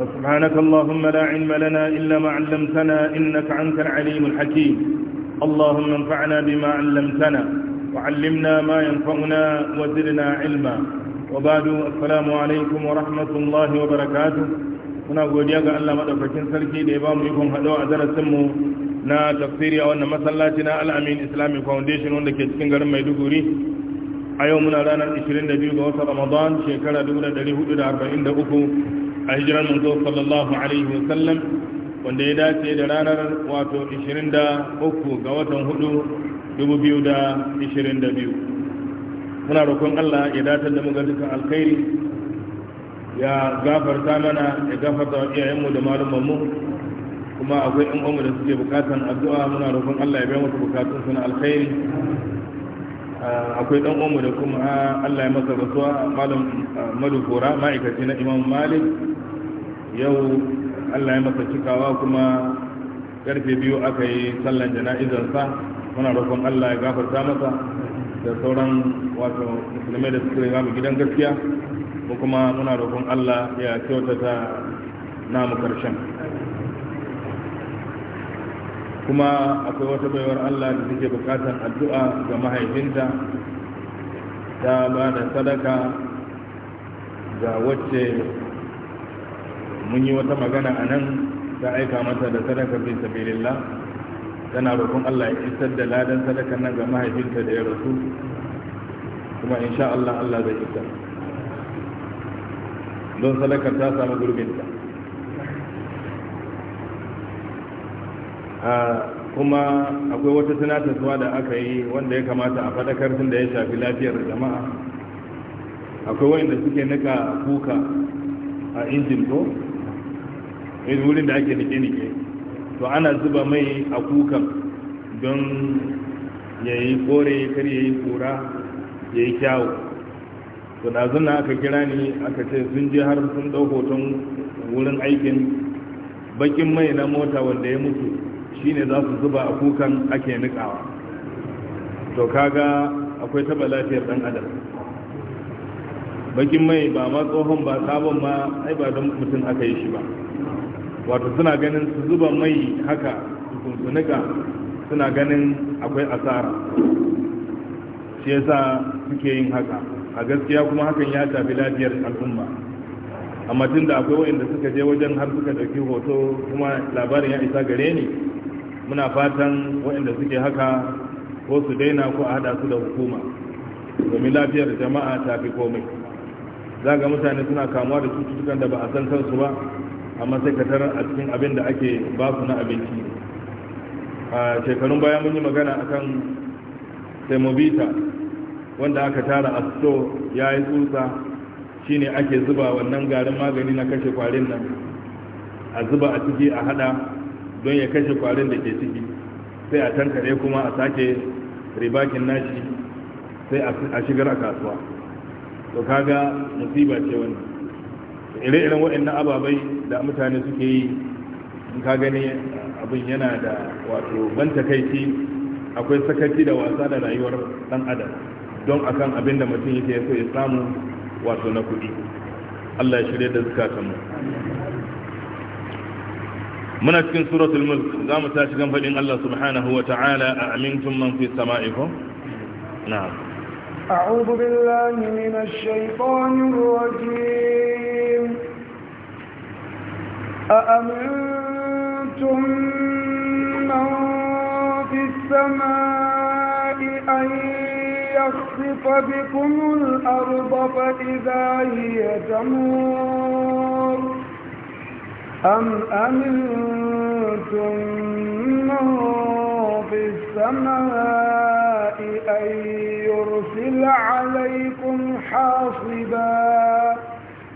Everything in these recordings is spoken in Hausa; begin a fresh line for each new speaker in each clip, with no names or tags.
فسبحانك اللهم لا علم لنا إلا ما علمتنا إنك أنت العليم الحكيم اللهم انفعنا بما علمتنا وعلمنا ما ينفعنا وزدنا علما وبعد السلام عليكم ورحمة الله وبركاته muna godiya ga Allah madaukakin sarki da ya ba mu ikon haɗo a darasinmu na tafsiri a wannan masallaci na Al-Amin Islamic Foundation wanda ke cikin garin Maiduguri a yau muna ranar 22 ga Ramadan a hijirar manzo sallallahu alaihi sallam wanda ya dace da ranar wato 23 ga watan hudu 2022 muna roƙon Allah ya datar da duka alkhairi ya gafarta mana ya gafarta wa iyayenmu da malumanmu kuma akwai ɗan da suke bukatan addu'a muna roƙon Allah ya bai musu bukatun suna alkhairi Ah, akwai dan uwanmu da kuma ah, Allah ya masa rasuwa malam ah, madukura ma'aikaci na Imam Malik yau Allah ya masa cikawa kuma karfe biyu aka yi sallan jana'izar sa muna roƙon Allah ya gafarta masa da sauran wato musulmai da suka riga gidan gaskiya kuma muna roƙon Allah ya kyautata namu karshen kuma akwai wata baiwar Allah da take bukatar addu'a ga mahaifinta ta ba da sadaka ga wacce mun yi wata magana a nan ta aika mata da sadaka fi sabilillah tana roƙon Allah ya isar da ladan sadaka nan ga mahaifinta da ya rasu kuma insha Allah Allah zai isar don sadakar ta samu gurbinta kuma akwai wata tunatarwa da aka yi wanda ya kamata a faɗakar tun da ya shafi lafiyar jama'a akwai wanda suke nika kuka a injin ko in wurin da ake nike-nike to ana zuba mai a kukan don ya yi kore kar ya yi kura ya yi kyawu to na zuna aka kira ni aka ce sun je har sun ɗau hoton wurin aikin bakin mai na mota wanda ya mutu shine za su zuba a kukan ake nikawa to kaga akwai taba lafiyar dan adam bakin mai ba ma tsohon ba sabon ma ai ba don mutum aka yi shi ba wato suna ganin su zuba mai haka su nika suna ganin akwai asara shi yasa suke yin haka a gaskiya kuma hakan ya tafi lafiyar al'umma amma tun da akwai waɗanda suka je wajen har suka dauki hoto kuma labarin ya isa gare ni muna fatan waɗanda suke haka ko su daina ko a hada su da hukuma domin lafiyar jama'a ta fi komai za ga mutane suna kamuwa da cututtukan da ba a san kansu ba amma sai ka tarar a cikin abin da ake ba su na abinci a shekarun baya mun yi magana akan thermobita wanda aka tara a sto ya yi tsutsa shine ake zuba wannan garin magani na kashe kwarin nan a zuba a ciki a hada don ya kashe kwarin da ke ciki sai a tankare kuma a sake ribakin nashi sai a shigar a kasuwa to kaga musiba ce wani ire-iren waɗannan ababai da mutane suke yi in ka gani abin yana da wato ban takaici akwai sakaci da wasa da rayuwar ɗan adam don a kan abin da mutum yake so ya samu wato na kuɗi Allah ya shirya da zukatanmu muna cikin suratul mulk za mu tashi kan faɗin Allah subhanahu wa ta'ala a amintum man fi sama'ikum na'am
a'udhu billahi minash shaitanir rajim أأمنتم من في السماء أن يخصف بكم الأرض فإذا هي تمور أم أمنتم من في السماء أن يرسل عليكم حاصبا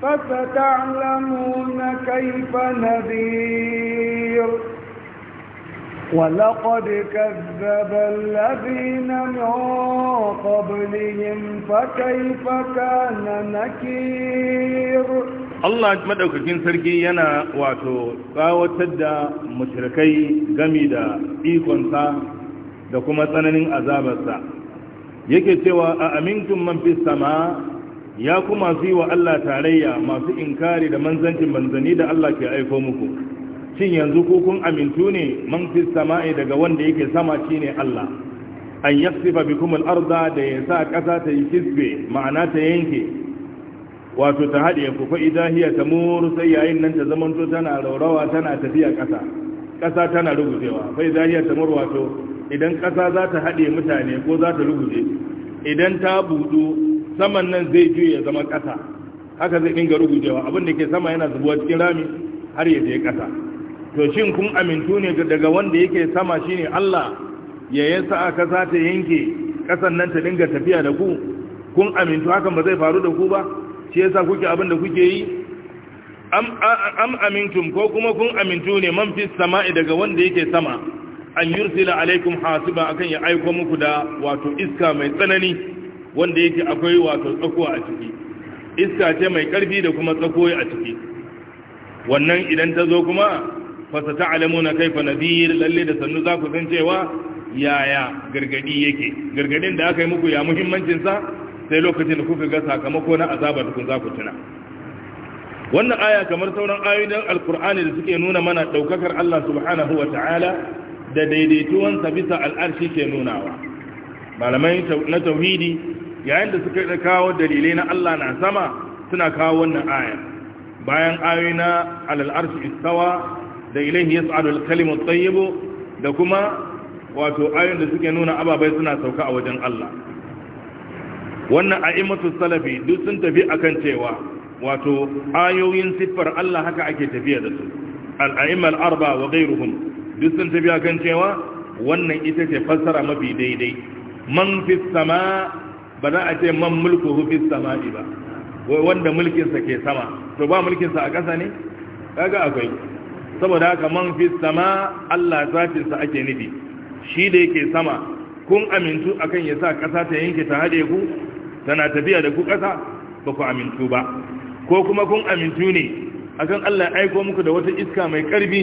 فستعلمون كيف نذير ولقد كذب الذين من قبلهم فكيف كان نكير
Allah madaukakin sarki yana wato tsawatar da mushrikai gami da ikonsa da kuma tsananin azabarsa yake cewa a amintum man fis ya kuma yi wa Allah tarayya masu inkari da manzanci manzani da Allah ke aiko muku shin yanzu ku kun amintu ne man fi sama'i daga wanda yake sama shine Allah an yaksifa bikum al-arda da ya sa ƙasa ta yi kisbe ma'ana ta yanke wato ta haɗe ku fa idan hiya tamur sai yayin nan ta zamanto tana raurawa tana tafiya ƙasa ƙasa tana rugujewa fa idan hiya tamur wato idan ƙasa za ta haɗe mutane ko za ta ruguje idan ta budu saman nan zai juye ya zama ƙasa haka zai dinga rugujewa abin da ke sama yana zubuwa cikin rami har ya je ƙasa to shin kun amintu ne daga wanda yake sama shine Allah ya yasa aka za yanke kasan nan ta dinga tafiya da ku kun amintu hakan ba zai faru da ku ba shi yasa kuke abin da kuke yi am amintum ko kuma kun amintu ne man fi sama'i daga wanda yake sama an yursila alaikum hasiba akan ya aiko muku da wato iska mai tsanani wanda yake akwai wato tsako a ciki iska ce mai karfi da kuma tsakoyi a ciki wannan idan ta zo kuma fasa kai na nadir lalle da sannu za ku san cewa yaya gargadi yake gargadin da aka yi muku ya muhimmancin sa sai lokacin da kuka ga sakamako na da kun za ku tuna wannan aya kamar sauran ayoyin alkur'ani da suke nuna mana daukakar Allah subhanahu wa da daidaituwan sa bisa al'arshi ke nunawa malamai na tauhidi yayin da suka kawo dalilai na Allah na sama suna kawo wannan aya bayan ayoyi na al'arshi istawa da ilaihi ya al-kalimu at-tayyib da kuma wato ayoyin da suke nuna ababai suna sauka a wajen Allah wannan a'immatu salafi duk sun tafi akan cewa wato ayoyin siffar Allah haka ake tafiya da su al-a'immal arba wa ghayruhum duk sun tafi akan cewa wannan ita ce fassara mafi daidai man fis sama ba za a ce man mulkuhu fis sama'i ba wanda mulkinsa ke sama to ba mulkinsa a ƙasa ne kaga akwai saboda haka man fi sama Allah zatinsa ake nufi shi da yake sama kun amintu akan ya sa ƙasa ta yanke ta haɗe ku tana tafiya da ku ƙasa ba ku amintu ba ko kuma kun amintu ne akan Allah ya aiko muku da wata iska mai ƙarfi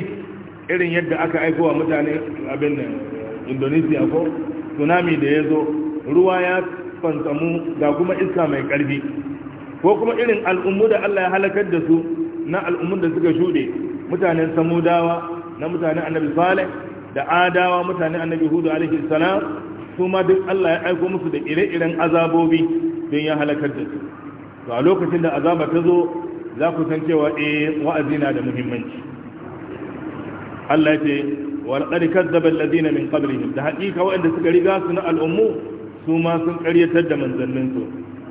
irin yadda aka aiko wa mutane abin nan Indonesia ko tsunami da ya zo ruwa ya fantsamu ga kuma iska mai ƙarfi ko kuma irin al'ummu da Allah ya halakar da su na al'ummun da suka shuɗe mutanen samudawa na mutanen annabi salih da adawa mutanen annabi hudu alaihi salam su ma duk Allah ya aiko musu da ire-iren azabobi don ya halakar da su to a lokacin da azaba ta zo za ku san cewa eh wa'azi na da muhimmanci Allah ya ce wa laqad kazzaba alladhina min qablihim da hakika waɗanda suka riga su na al'ummu su ma sun ƙaryatar da manzanninsu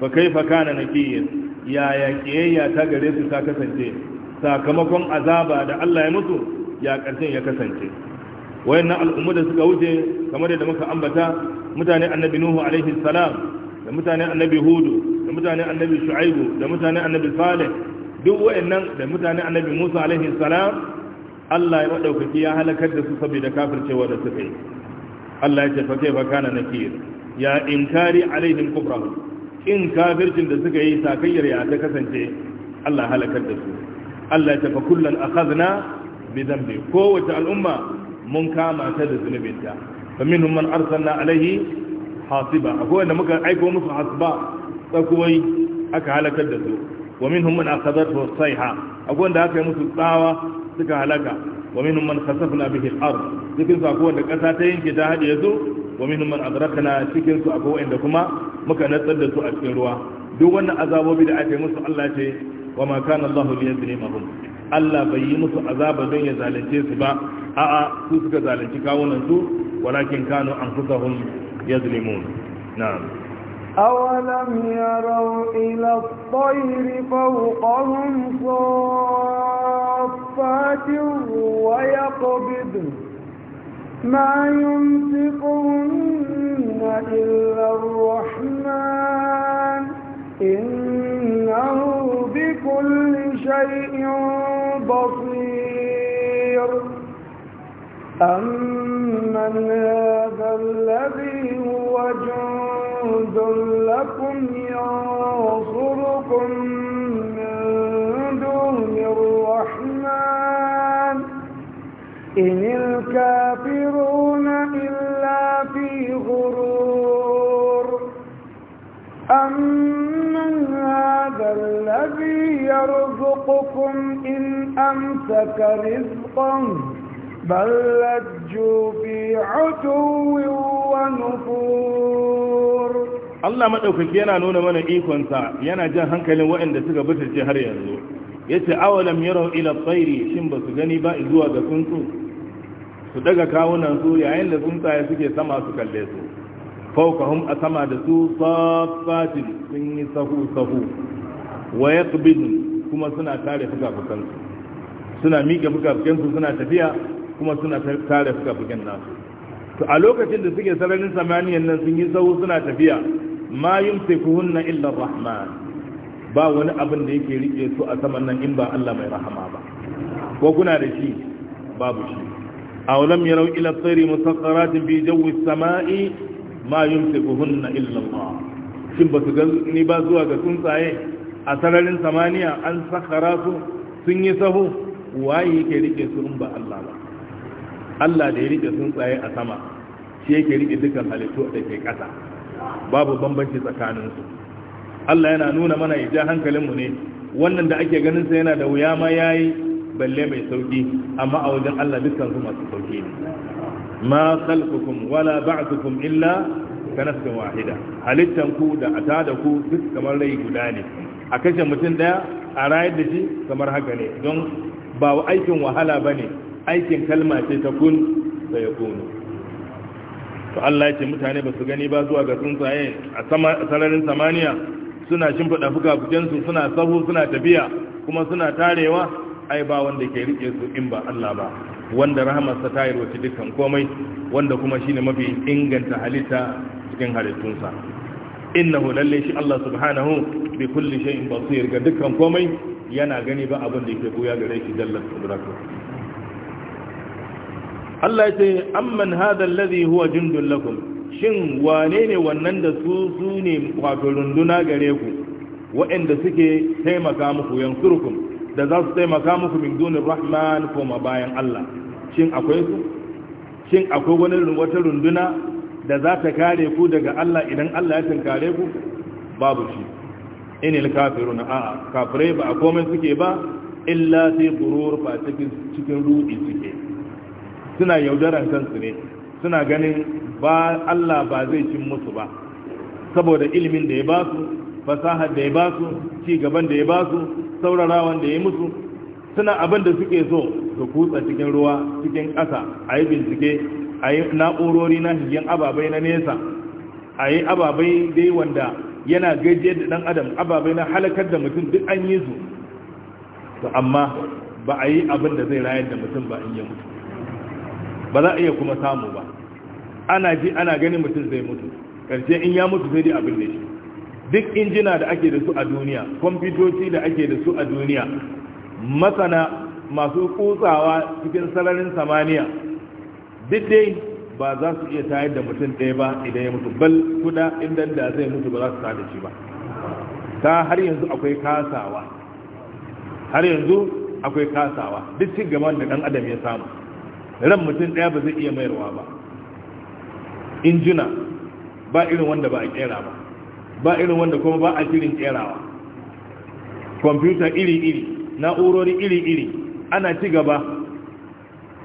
fa kaifa kana nakiyya ya ya kiyayya ta gare su ta kasance sakamakon azaba da Allah ya mutu ya karshen ya kasance wayannan al'ummar da suka wuce kamar yadda muka ambata mutane annabi nuhu alaihi salam da mutane annabi hudu da mutane annabi shu'aibu da mutane annabi salih duk wayannan da mutane annabi musa alaihi salam Allah ya madaukaki ya halakar da su saboda kafircewa da suka yi Allah ya ce fa kai bakana nakir ya inkari alaihim kubra in kafircin da suka yi sakayyar ya ta kasance Allah halakar da su Allah ya kullum a akhadna bi dhanbi kowace al'umma mun kama ta da zunubinta fa minhum man arsalna alaihi hasiba akwai wanda muka aiko musu hasiba tsakuwai aka halakar da su wa minhum man akhadathu ha akwai wanda aka yi musu tsawa suka halaka wa minhum man khasafna bihi al-ard cikin su akwai wanda kasa ta yanke ta haɗe su wa minhum man aghraqna cikin su akwai wanda kuma muka natsar da su a cikin ruwa duk wannan azabobi da aka yi musu Allah ce wa ma kana Allah liyazlimahum Allah bai yi musu azaba don ya zalunce su ba a'a su suka zalunci kawunan su walakin kanu anfusahum yazlimun na'am
أولم يروا إلى الطير فوقهم صافات ويقبض ما يمسكهن إلا الرحمن إنه بكل شيء بصير أمن هذا الذي هو جند لكم ينصركم من دون الرحمن إن الكافرون إلا في غرور أمن هذا الذي يرزقكم إن أمسك رزقا بل لجوا في عتو ونفور
Allah maɗaukaki yana nuna mana ikonsa yana jan hankalin waɗanda suka butulce har yanzu ya ce awalam yaro ila tsairi shin ba su gani ba zuwa ga tsuntsu su daga kawunan su yayin da tsuntsaye suke sama su kalle su fawqahum a sama da su safatin sun yi sahu sahu wa yaqbidun kuma suna kare fukafukan suna miƙe fukafukan su suna tafiya kuma suna kare fukafukan nasu to a lokacin da suke sararin samaniyan nan sun yi sahu suna tafiya rahman ba wani abin da yake rike su a saman nan in ba Allah mai rahama ba ko kuna da shi babu shi aw lam yaraw ila tayri musaqqaratin fi jawi samai ma yumsikuhunna illa Allah shin ba su ni ba zuwa ga tsuntsaye a sararin samaniya an sakara su sun yi sahu waye yake rike su in ba Allah ba Allah da ya rike tsuntsaye a sama shi yake rike dukkan halittu da ke ƙasa babu bambanci tsakaninsu Allah yana nuna mana ya ja hankalinmu ne wannan da ake ganin sa yana da wuya ma yayi balle mai sauki amma a wajen Allah dukkan su masu sauki ne ma khalqukum wala ba'thukum illa kanafsin wahida halittan ku da ata da ku duk kamar rai guda ne a kashe mutum daya a rayar da shi kamar haka ne don ba aikin wahala bane aikin kalma ce ta kun da ya kunu to Allah ya ce mutane ba su gani ba zuwa ga tsuntsaye a sararin samaniya suna shimfida fuka-fukensu suna sahu suna tafiya kuma suna tarewa ai ba wanda ke rike su in ba Allah ba wanda rahamarsa ta yarwaci dukkan komai wanda kuma shine mafi inganta halitta cikin halittunsa innahu lalle shi Allah subhanahu bi kulli shay'in basir ga dukkan komai yana gani ba abin da yake buya gare shi dalla kudratu Allah ya ce amman hadha alladhi huwa jundun lakum shin wane ne wannan da su sune ne wato runduna gare ku waɗanda suke taimaka muku yansurkum da za su taimaka muku min dunin rahman koma bayan Allah shin akwai su shin akwai wani wata runduna da za ta kare ku daga Allah idan Allah ya tunkare ku babu shi inil kafiruna a'a kafirai ba a komai suke ba illa sai gurur ba cikin cikin rudi suke suna yaudaran kansu ne suna ganin ba Allah ba zai cin musu ba saboda ilimin da ya ba su fasahar da ya ba su ci gaban da ya ba su saurarawan da ya musu suna abin da suke so su kutsa cikin ruwa cikin ƙasa a yi bincike a yi na'urori na higin ababai na nesa a yi ababai dai wanda yana gajiyar da ɗan adam ababai na halakar da mutum duk an yi su to amma ba a yi abin da zai rayar da mutum ba in ya mutu ba za a iya kuma samu ba ana ji ana ganin mutum zai mutu ƙarshe in ya mutu sai dai abin da shi duk injina da ake da su a duniya kwamfutoci da ake da su a duniya masana masu kutsawa cikin sararin samaniya duk dai ba za su iya tayar da mutum ɗaya ba idan ya mutu bal kuda inda da zai mutu ba za su da shi ba ta har yanzu akwai kasawa har yanzu akwai kasawa duk cin gaban da ɗan adam ya samu ran mutum ɗaya ba zai iya mayarwa ba injina ba irin wanda ba a kera ba ba irin wanda kuma ba a shirin kerawa kwamfuta iri-iri na'urori iri-iri ana ci gaba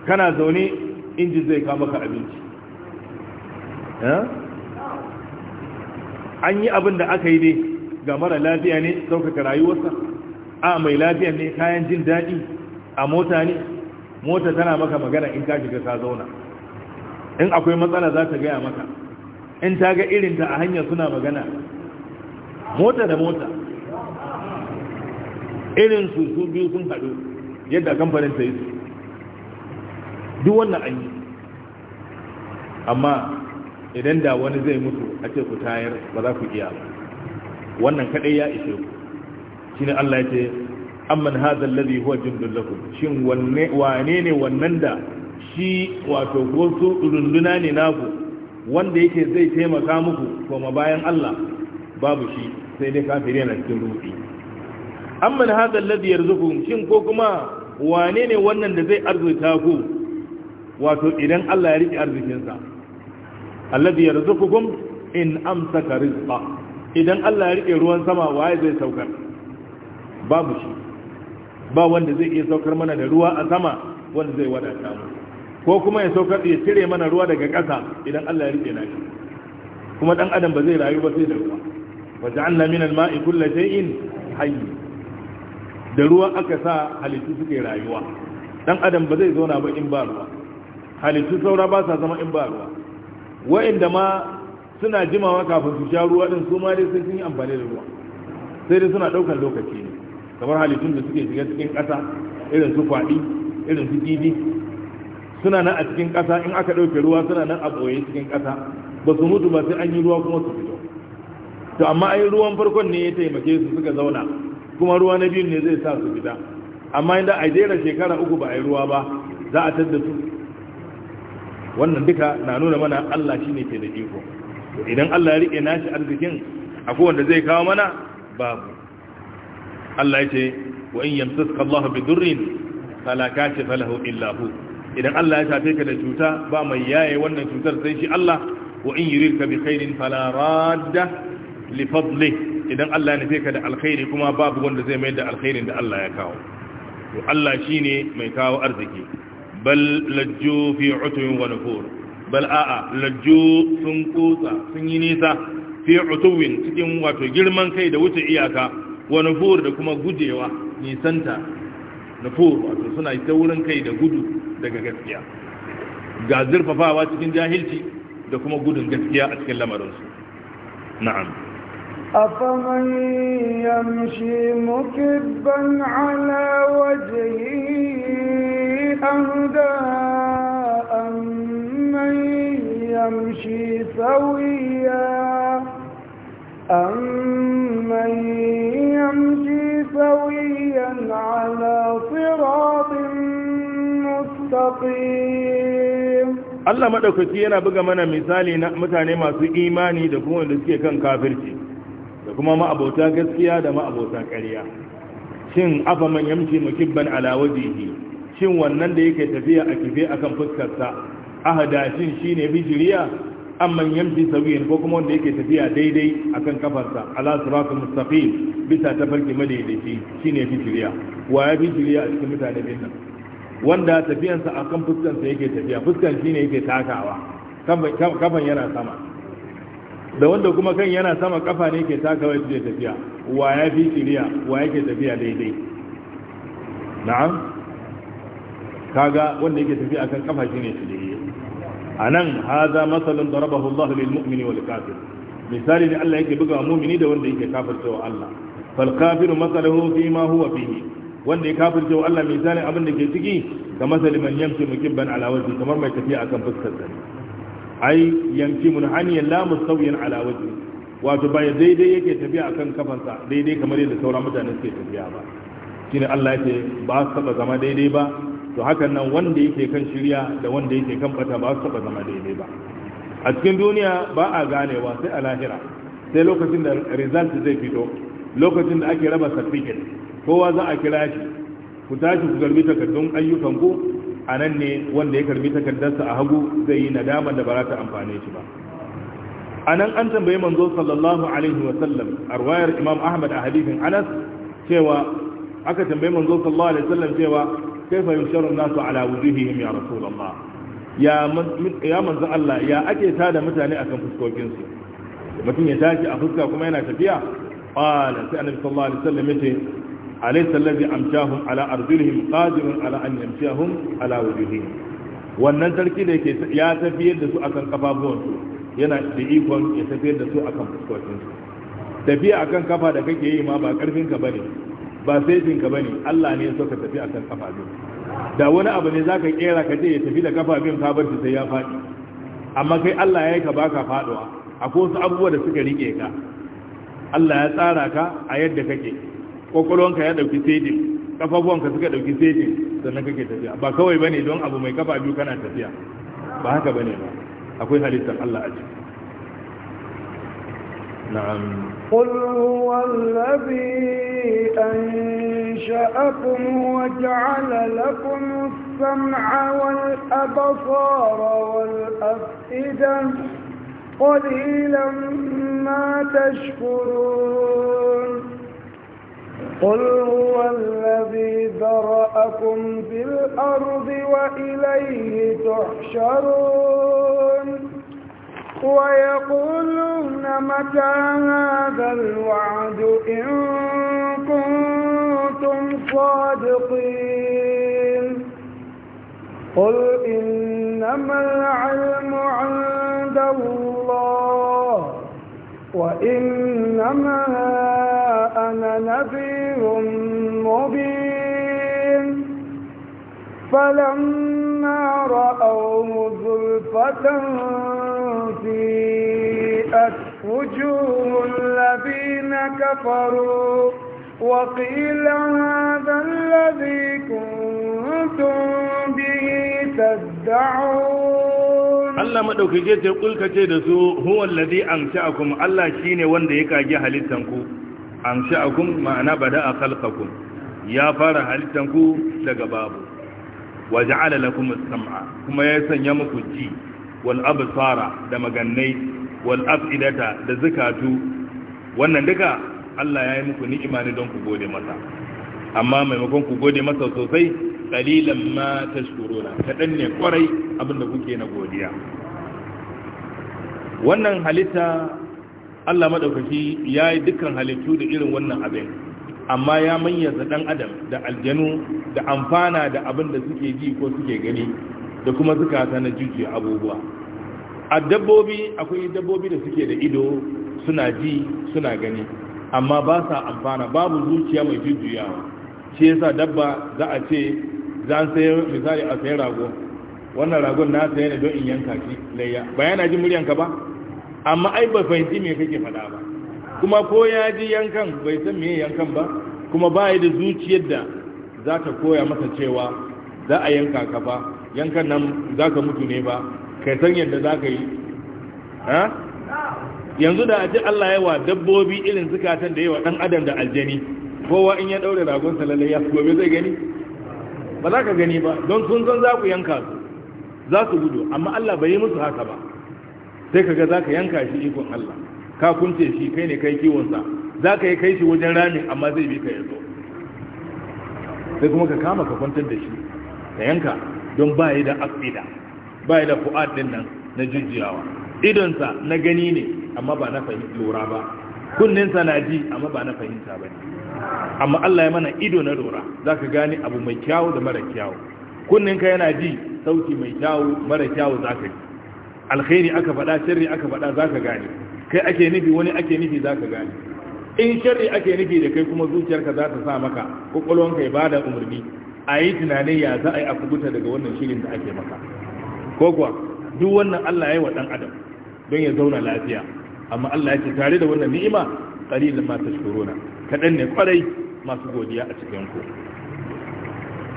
kana zaune inji zai kama ka abinci eh? an yi abin da aka yi ne ga mara lafiya ne saukaka rayuwarsa a mai lafiya ne kayan jin daɗi a mota ne mota tana maka magana in ka shiga ka zauna in akwai matsala za ta gaya maka in ta ga irinta a hanyar suna magana mota da mota irin su su biyu sun haɗu yadda kamfanin ta yi su duk wannan an yi amma idan da wani zai mutu a ce ku tayar ba za ku iya wannan kaɗai ya ishe ku shi ne Allah ya ce amman hazan lazi huwa jindun lakum shin wane ne wannan da shi wato ko su runduna ne naku wanda yake zai taimaka muku koma bayan Allah babu shi sai dai kafiri yana cikin rufi amma na hadha alladhi yarzuquhum shin ko kuma wane ne wannan da zai arzuta ku wato idan Allah ya rike arzikin sa alladhi yarzuqukum in amsaka rizqa idan Allah ya riƙe ruwan sama waye zai saukar babu shi ba wanda zai iya saukar mana da ruwa a sama wanda zai wadata mu ko kuma ya saukar ya cire mana ruwa daga ƙasa idan Allah ya riƙe na shi kuma dan adam ba zai rayu ba sai da ruwa waja'alna min al-ma'i kullu shay'in hayy da ruwa aka sa halittu suke rayuwa dan adam ba zai zauna ba in ba ruwa halittu saura ba sa zama in ba ruwa wa'inda ma suna jimawa kafin su sha ruwa din su ma dai sai sun yi amfani da ruwa sai dai suna daukar lokaci ne kamar halittun da suke shiga cikin ƙasa irin su kwaɗi irin su kifi, suna nan a cikin ƙasa in aka ɗauke ruwa suna nan a ɓoye cikin ƙasa ba su mutu ba sai an yi ruwa kuma su fito to amma ai ruwan farkon ne ya taimake su suka zauna kuma ruwa na biyun ne zai sa su fita amma inda a jera shekara uku ba a yi ruwa ba za a tadda su wannan duka na nuna mana Allah shi ne ke da iko idan Allah ya riƙe nashi arzikin akwai wanda zai kawo mana babu Allah ya ce wa in yamsaka Allah bi durrin fala kashifa lahu illa hu idan Allah ya shafe ka da cuta ba mai yaye wannan cutar sai shi Allah wa in yuridka bi khairin fala radda li idan Allah ya nufe ka da alkhairi kuma babu wanda zai mai da alkhairin da Allah ya kawo to Allah shine mai kawo arziki bal lajju fi utwin wa nufur bal a'a lajju sun kusa sun yi nisa fi utwin cikin wato girman kai da wuce iyaka wa nufur da kuma gujewa nisanta nufur wato suna ta wurin kai da gudu daga gaskiya ga zurfafawa cikin jahilci da kuma gudun gaskiya a cikin lamarinsu na'am
أفمن يمشي مكبا على وجهه أهدى أمن يمشي سويا أمن يمشي سويا على صراط مستقيم
Allah maɗaukaki yana buga mana misali na mutane masu imani da kuma da suke kan kafirci. da kuma ma'abota gaskiya da ma'abota ƙarya shin afa man yamshi mukibban ala wajihi shin wannan da yake tafiya a kife akan fuskarsa ahada shin shine bijiriya man yamshi sawiyan ko kuma wanda yake tafiya daidai akan kafarsa ala siratul mustaqim bisa tafarki madaidaici shine bijiriya wa ya bijiriya a cikin mutane din nan wanda tafiyansa akan fuskarsa yake tafiya fuskar shine yake takawa kafan yana sama da wanda kuma kan yana sama kafa ne ke takawa shi da tafiya wa ya fi kiriya wa yake tafiya daidai na'am kaga wanda yake tafiya akan kafa shi ne shi daidai a nan haza masalin da rabahu Allah lil mu'mini wal kafir misali ne Allah yake buga mu'mini da wanda yake kafircewa Allah fal kafiru masalahu fi ma huwa fihi wanda ya kafircewa Allah misalin abin da ke ciki ga masalin man yamshi mukibban ala wajhi kamar mai tafiya akan fuskar sa ai yanki mun hanyar la musawiyan ala wajhi wato ba daidai yake tafiya akan kafansa daidai kamar yadda sauran mutane suke tafiya ba shine Allah yake ba su taba zama daidai ba to hakan nan wanda yake kan shirya da wanda yake kan bata ba su taba zama daidai ba a cikin duniya ba a ganewa sai a lahira sai lokacin da result zai fito lokacin da ake raba certificate kowa za a kira shi ku tashi ku garbi takardun ayyukan ku a nan ne wanda ya karbi takardarsa a hagu zai yi nadama da ba ta amfane shi ba a nan an tambayi manzo sallallahu alaihi wasallam a ruwayar imam ahmad a hadithin anas cewa aka tambayi manzo sallallahu alaihi wasallam cewa kaifa yusharu nasu ala wujuhihim ya rasulullah ya ya manzo Allah ya ake tada mutane akan fuskokin su mutum ya tashi a fuska kuma yana tafiya qala sai annabi sallallahu alaihi wasallam yace alaysa allazi amshahum ala ardihim qadirun ala an yamshahum ala wujuhihim wannan sarki da yake ya tafiyar da su akan kafafuwan su yana da ikon ya tafiyar da su akan fuskokin su tafiya akan kafa da kake yi ma ba karfin ka bane ba saitin ka bane Allah ne ya so ka tafi akan kafa biyu da wani abu ne zaka kera ka je ya tafi da kafa biyun ka bar shi sai ya faɗi amma kai Allah ya yi ka baka faduwa akwai wasu abubuwa da suka rike ka Allah ya tsara ka a yadda kake kwakwalwanka ya dauki setin kafafuwanka suka dauki setin sannan kake tafiya ba kawai bane don abu mai kafa biyu kana tafiya ba haka bane ba akwai halittar Allah a ciki na'am
qul wallazi ansha'akum wa ja'ala lakum as-sam'a wal absara wal af'idah قليلا ma tashkurun قل هو الذي ذرأكم في الأرض وإليه تحشرون ويقولون متى هذا الوعد إن كنتم صادقين قل إنما العلم عند الله وإنما أنا نذير مبين فلما رأوه زلفة سيئت وجوه الذين كفروا وقيل هذا الذي كنتم به تدعون
Allah madaukake ce kulka ce da su huwa a amsha'akum Allah shine wanda ya kagi halittanku amsha'akum ma'ana bada'a khalqakum ya fara halittanku daga babu waje lakum as-sam'a kuma ya sanya muku ji wal absara da magannai wal afidata da zakatu wannan duka Allah ya yi muku ni'imani ne don ku gode masa amma maimakon ku gode masa sosai qalilan ma tashkuruna kadan ne kwarai abinda kuke na godiya wannan halitta Allah madaukaki yayi dukkan halittu da irin wannan abin amma ya manyanta dan adam da aljanu da amfana da abinda suke ji ko suke gani da kuma suka na jujjuya abubuwa a dabbobi akwai dabbobi da suke da ido suna ji suna gani amma ba sa amfana babu zuciya mai jujjuyawa shi yasa dabba za a ce za a misali a sayi rago wannan ragon na sayar ne don in yanka shi layya ba yana ji muryanka ba amma ai ba fahimci me kake faɗa ba kuma ko ya ji yankan bai san me yankan ba kuma ba ya da zuciyar da za ta koya masa cewa za a yanka ka ba yankan nan za ka mutu ne ba kai san yadda za ka yi yanzu da a ji Allah yawa dabbobi irin zukatan da yawa ɗan adam da aljani kowa in ya ɗaure ragon salalai ya gobe zai gani ba za ka gani ba don sun san za ku yanka su za su gudu amma Allah bai yi musu haka ba sai ka ga za ka yanka shi ikon Allah ka kunce shi kai ne kai kiwonsa za ka yi kai shi wajen rami amma zai bi ka ya zo sai kuma ka kama ka kwantar da shi ka yanka don ba yi da afida ba yi da fu'ad din nan na jujjuyawa idonsa na gani ne amma ba na fahimci lura ba kunninsa na ji amma ba na fahimta ba amma Allah ya mana ido na dora za ka gane abu mai kyawu da mara kyawu kunninka yana ji sauti mai kyawu mara kyawu za ka ji alkhairi aka faɗa sharri aka faɗa za ka gane kai ake nufi wani ake nufi za ka gane in sharri ake nufi da kai kuma zuciyarka za ta sa maka kwakwalwanka ya bada umarni a yi tunanin ya za a yi a daga wannan shirin da ake maka ko duk wannan Allah ya yi wa ɗan adam don ya zauna lafiya amma Allah yake tare da wannan ni'ima qalilan ma tashkuruna kadan ne kwarai masu godiya a cikin ku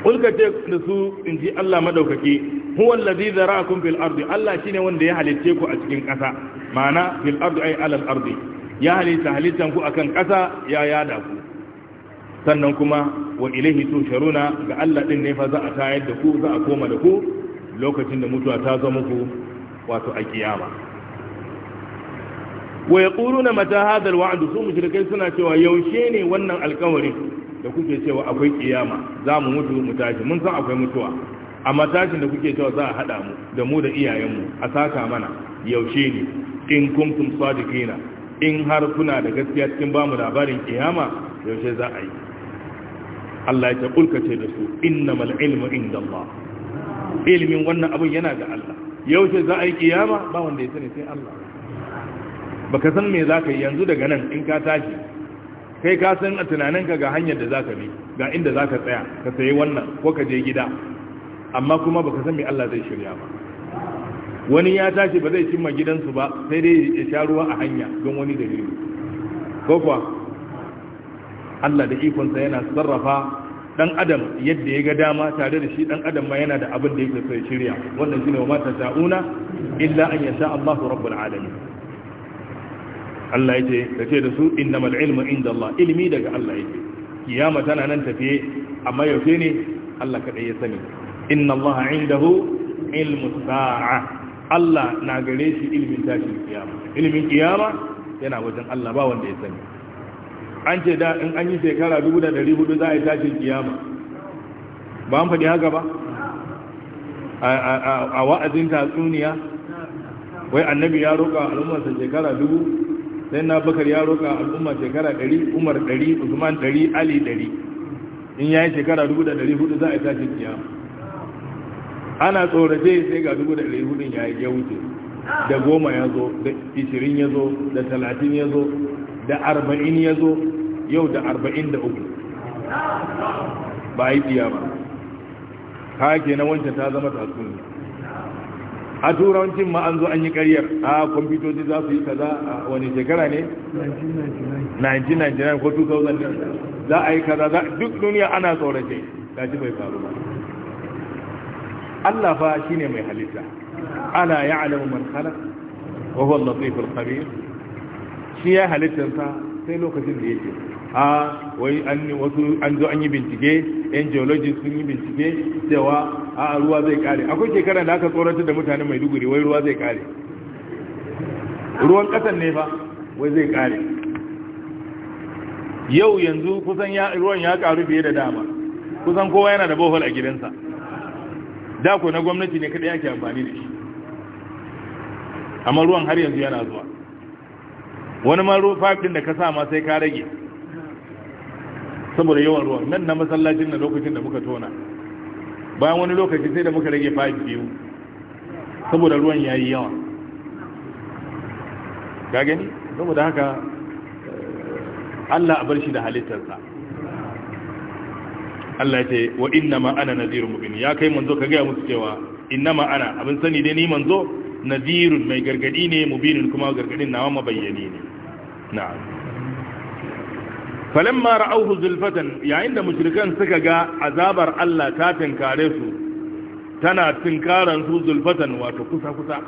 ce da su in ji Allah madaukaki huwa allazi zara'akum fil ardi Allah shine wanda ya halicce ku a cikin ƙasa ma'ana fil ardi ay alal ardi ya halitta halittan ku akan ƙasa ya yada ku sannan kuma wa ilahi tusharuna ga Allah din ne fa za a tayar da ku za a koma da ku lokacin da mutuwa ta zama ku wato a kiyama wa yaquluna mata hadha alwa'd su mushrikai suna cewa yaushe ne wannan alkawari da kuke cewa akwai kiyama za mu mutu mu tashi mun san akwai mutuwa amma tashin da kuke cewa za a hada mu da mu da iyayenmu a saka mana yaushe ne in kuntum sadiqina in har kuna da gaskiya cikin bamu labarin kiyama yaushe za a yi Allah ya kulka ce da su innamal ilmu indallah ilmin wannan abin yana ga Allah yaushe za a yi kiyama ba wanda ya sani sai Allah baka san me za ka yi yanzu daga nan in ka tashi kai ka san a tunaninka ga hanyar da za ka bi ga inda za ka tsaya ka sayi wannan ko ka je gida amma kuma baka san me Allah zai shirya ba wani ya tashi ba zai cimma gidansu ba sai dai ya sha ruwa a hanya don wani dalili ko kuwa Allah da ikonsa yana sarrafa dan adam yadda ya ga dama tare da shi dan adam ma yana da abin da yake so ya shirya wannan shine wa mata ta'una illa an yasha Allahu rabbul alamin Allah ya ce da su innamal ilmu inda Allah ilimi daga Allah ya ce. kiyama tana nan tafiye amma yaushe ne Allah kadai ya sani inna Allah indahu ilmu sa'a Allah na gare shi ilimin tashin kiyama ilimin kiyama yana wajen Allah ba wanda ya sani an ce da in an yi shekara dubu da ɗari 1400 za a yi tashin kiyama ba an faɗi haka ba a wa'azin tatsuniya wai annabi ya roƙa al'ummarsa shekara dubu sai na bakar ya roƙa al'umma shekara 100 umar 100 usman 100 ali 100 in yayi shekara 1400 za a tashi kiyama ana tsorace sai ga 1400 hudu ya wuce da goma ya zo da 20 ya zo da 30 ya zo da 40 ya zo yau da 43 ba yi kiyama ba ka ke na wancan ta zama tatsuniya a turancin ma an zo an yi karyar a kwamfitoci za su yi kaza a wani shekara ne 1999 ko 2000 za a yi kaza duk duniya ana tsorace ta ci bai faru ba Allah fa shi ne mai halitta ala ya alamu man wa wallafi fulkari shi ya halittarsa sai lokacin da yake a wai an wasu an zo an yi bincike yan geologist sun yi bincike cewa a ruwa zai kare akwai shekara da aka tsoratar da mutane mai duguri wai ruwa zai kare ruwan kasan ne fa wai zai kare yau yanzu kusan ruwan ya karu fiye da dama kusan kowa yana da bohol a gidansa da ku na gwamnati ne kada yake amfani da shi amma ruwan har yanzu yana zuwa wani ma ruwan fafin da ka sa ma sai ka rage saboda yawan ruwan nan na masallacin na lokacin da muka tona bayan wani lokaci sai da muka rage fahim biyu saboda ruwan ya yi yawa ga gani saboda haka eh, Allah a bar shi da halittarsa Allah ce wa inna ma ana nazirun mubin ya kai manzo ka gaya musu cewa inna ma ana abin sani dai ni manzo nazirun mai gargadi ne mubinin kuma gargadin nawa mabayyani ne na'am mara ra'awhu zulfatan yayin da mashirkan suka ga azabar Allah ta tinkare su tana tinkaran su zulfatan wato kusa kusa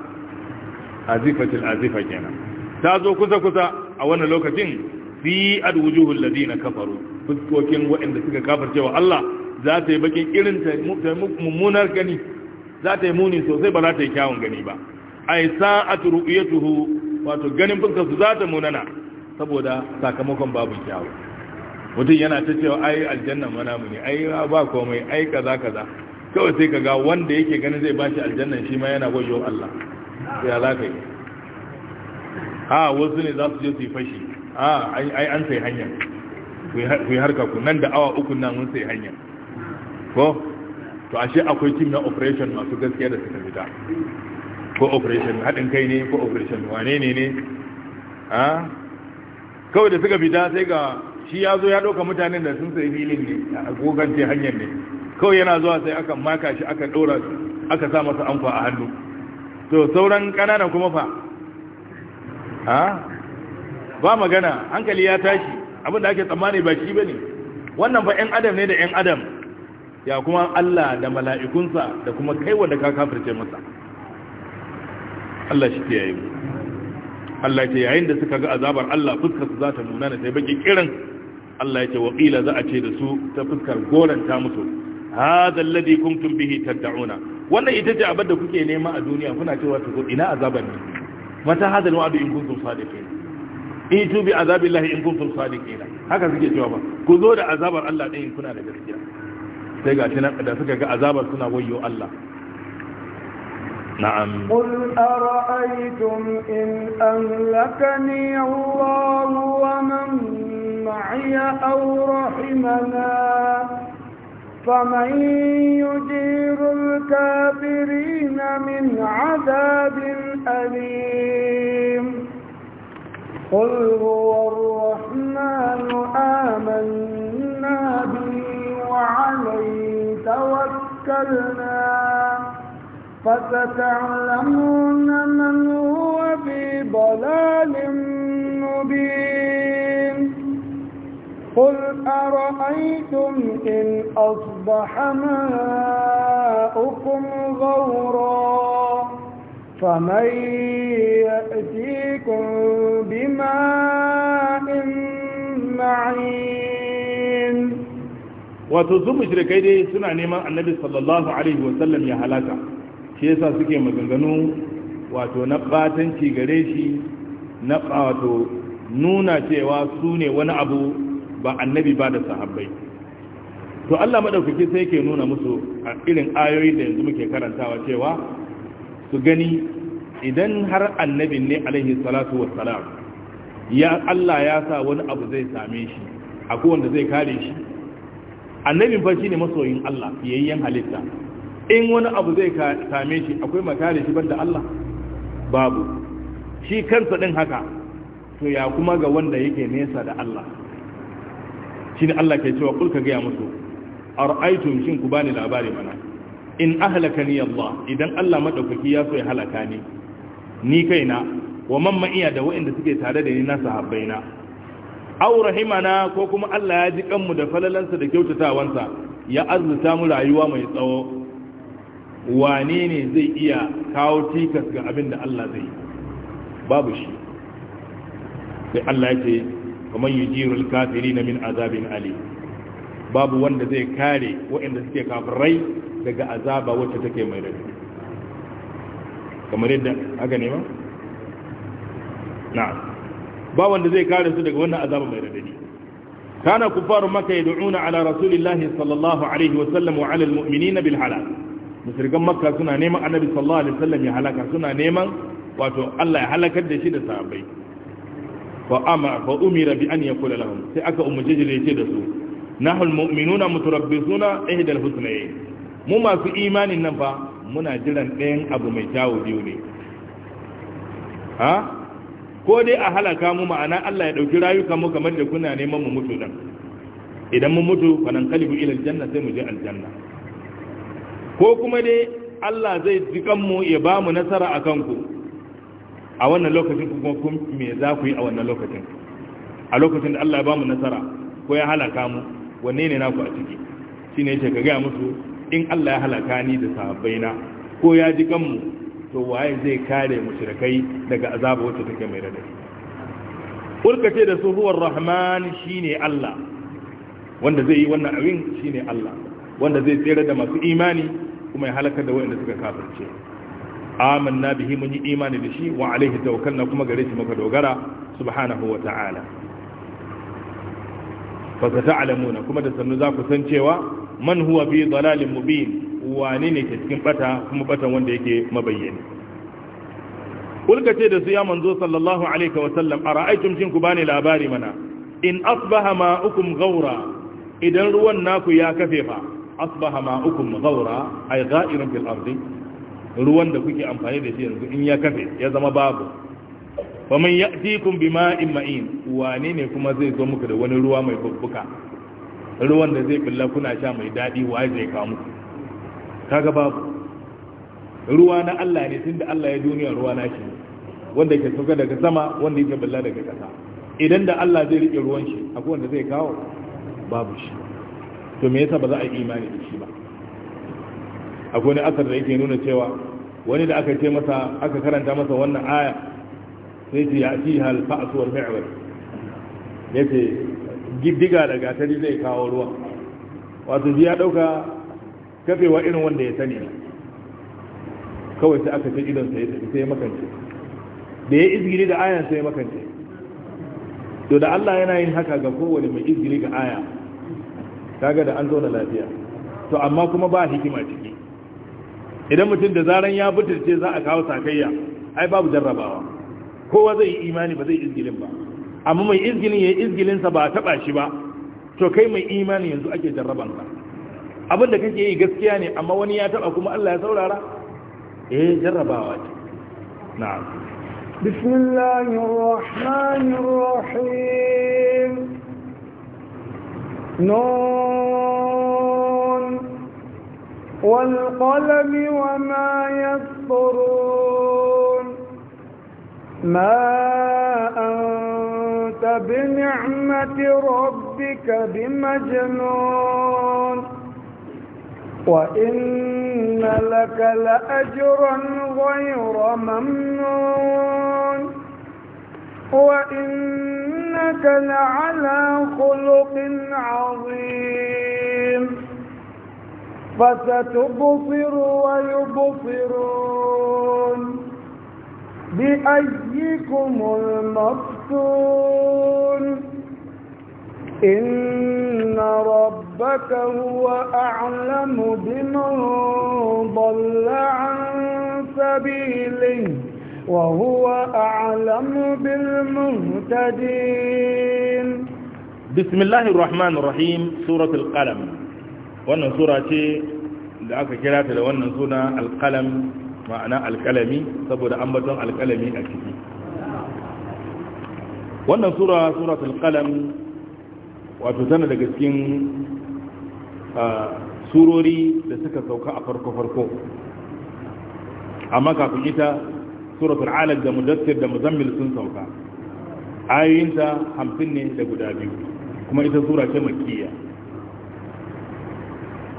azifatil azifa kenan ta zo kusa kusa a wannan lokacin fi adwujuhul ladina kafaru fuskokin waɗanda suka kafirce wa Allah za ta yi bakin irin ta mummunar gani za ta yi muni sosai ba za ta yi kyawun gani ba ai sa'atu ru'yatuhu wato ganin fuskar su za ta munana saboda sakamakon babu kyawun. mutum yana ta cewa ai aljanna mana mu ne ai ba komai ai kaza kaza kawai sai ka ga wanda yake ganin zai bashi aljannan shi ma yana goyo Allah sai alaka yi Ha wasu ne za su je su yi fashi a ai an sai hanya ku yi harka ku nan da awa uku nan mun sai hanya ko to ashe akwai team na operation masu gaskiya da suka fita ko operation haɗin kai ne ko operation wane ne ne a kawai da suka fita sai ga shi ya zo ya ɗauka mutanen da sun sai filin ne a gogance hanyar ne kawai yana zuwa sai aka maka shi aka ɗora shi aka sa masa amfa a hannu to sauran ƙanana kuma fa ha ba magana hankali ya tashi abin da ake tsammani ba shi ba ne wannan fa 'yan adam ne da 'yan adam ya kuma Allah da mala'ikunsa da kuma kai wanda ka kafirce masa Allah shi ke yayi Allah ce yayin da suka ga azabar Allah fuskarsu su za ta nuna na sai baki kiran Allah ya ce wa qila za a ce da su ta fuskar goranta musu hadha alladhi kuntum bihi tad'una wannan ita ce abin da kuke nema a duniya kuna cewa ta ko ina azaban ne mata hadha alwa'du in kuntum sadiqin in tu bi azabillahi in kuntum sadiqin haka suke cewa ba ku zo da azabar Allah din kuna da gaskiya sai ga shi nan da suka ga azabar suna wayo Allah نعم قل
أرأيتم إن أملكني الله ومن معي أو رحمنا فمن يجير الكافرين من عذاب أليم قل هو الرحمن آمنا به وعليه توكلنا فستعلمون من هو في ضلال مبين قل أرأيتم إن أصبح ماؤكم غورا فمن يأتيكم بماء معين
wato su mushrikai dai suna neman annabi sallallahu alaihi wasallam ya halaka shi yasa suke maganganu wato na batanci gare shi na wato nuna cewa su ne wani abu ba annabi ba da sahabbai to Allah madaukake sai yake nuna musu a irin ayoyi da yanzu muke karantawa cewa su gani idan har annabin ne alaihi salatu wassalam ya Allah ya sa wani abu zai same shi akwai wanda zai kare shi annabin fa shine masoyin Allah yayyen halitta in wani abu zai same shi akwai makare shi banda Allah babu shi kansa din haka to ya kuma ga wanda yake nesa da Allah shi ne Allah ke cewa kulka gaya musu ar'aitum shin ku bani labari mana in ahlakani Allah idan Allah madaukaki ya so ya halaka ni ni kaina wa man iya da waɗanda suke tare da ni na sahabbaina aw rahimana ko kuma Allah ya ji kanmu da falalansa da kyautatawansa ya azzuta mu rayuwa mai tsawo wane ne zai iya kawo tikas ga abin da Allah zai yi babu shi sai Allah ya ce kamar yi jirul kafiri na min azabin ali babu wanda zai kare waɗanda suke kafirai daga azaba wacce take mai rabi kamar yadda haka ne ma? na'am ba wanda zai kare su daga wannan azaba mai radadi kana kufaru maka yad'una ala rasulillahi sallallahu alaihi wa sallam wa ala almu'minina bil halal mushrikan makka suna neman annabi sallallahu alaihi wasallam ya halaka suna neman wato Allah ya halakar da shi da sahabbai fa ama fa umira bi an yaqula lahum sai aka umuje da yace da su nahul mu'minuna mutarabbisuna ihda al-husnayn mu masu imanin nan fa muna jiran ɗayan abu mai jawo biyu ne ha ko dai a halaka mu ma'ana Allah ya dauki rayuka mu kamar da kuna neman mu mutu dan idan mu mutu fa nan kalibu ila aljanna sai mu je aljanna ko kuma dai Allah zai mu ya ba mu nasara a kanku a wannan lokacin kuma kun me za ku yi a wannan lokacin a lokacin da Allah ya ba mu nasara ko ya halaka mu wanne ne naku a ciki shi ne ce ka gaya musu in Allah ya halaka ni da sahabbaina ko ya ji kanmu to waye zai kare mu shirkai daga azaba wacce take mai rada ulka ce da su Rahman rahman shine Allah wanda zai yi wannan abin shine Allah wanda zai tsere da masu imani kuma ya halakar da waɗanda suka kafirce na bihi mun yi imani da shi wa alaihi tawakkalna kuma gare shi muka dogara subhanahu wa ta'ala fa sata'lamuna kuma da sannu za ku san cewa man huwa bi dalalin mubin wane ne ke cikin bata kuma batan wanda yake mabayyani kulka ce da su ya manzo sallallahu alaihi wa sallam ara'aytum shin ku bani labari mana in asbaha ma'ukum ghaura idan ruwan naku ya kafe fa asbaha ma'ukum ghaura ay gha'irun fil ardi ruwan da kuke amfani da shi yanzu in ya kafe ya zama babu faman ya'tikum bima'in ma'in wane ne kuma zai zo muku da wani ruwa mai bubbuka ruwan da zai billa kuna sha mai dadi waye zai kawo muku kaga babu ruwa na Allah ne tunda Allah ya duniya ruwa na shi wanda yake sauka daga sama wanda yake billa daga kasa idan da Allah zai rike ruwan shi akwai wanda zai kawo babu shi to me yasa ba za a yi imani da shi ba akwai ne asar da yake nuna cewa wani da aka ce masa aka karanta masa wannan aya sai ce ya fi hal fa'su wal Ya yace giddiga da gatari zai kawo ruwa wato ji ya dauka kafewa irin wanda ya sani kawai sai aka ce idan sai ya tafi sai ya makance da ya izgiri da ayan sai ya makance to da Allah yana yin haka ga kowane mai izgiri ga aya kaga da an zauna lafiya to amma kuma ba hikima ciki idan mutum da zaran ya butulce za a kawo sakayya ai babu jarrabawa kowa zai yi imani ba zai izgilin ba amma mai izgilin ya yi izgilinsa ba a taɓa shi ba to kai mai imani yanzu ake jarrabanka abin da kake yi gaskiya ne amma wani ya taɓa kuma Allah ya saurara eh jarrabawa ce na'am
بسم الله الرحمن نون والقلم وما يسطرون ما أنت بنعمة ربك بمجنون وإن لك لأجرا غير ممنون وإن وإنك لعلى خلق عظيم فستبصر ويبصرون بأيكم المفتون إن ربك هو أعلم بمن ضل عن سبيله
وهو أعلم بالمهتدين بسم الله الرحمن الرحيم سورة القلم wannan sura da aka kira ta da wannan suna alƙalam ma'ana alƙalami saboda an ambaton alƙalami a ciki wannan sura suratul qalam wato tana daga cikin surori da suka sauka a farko-farko amma kafin ita suratul alaq da mudassir da muzammil sun sauka ayoyinta hamsin ne da guda biyu kuma ita sura ce makkiya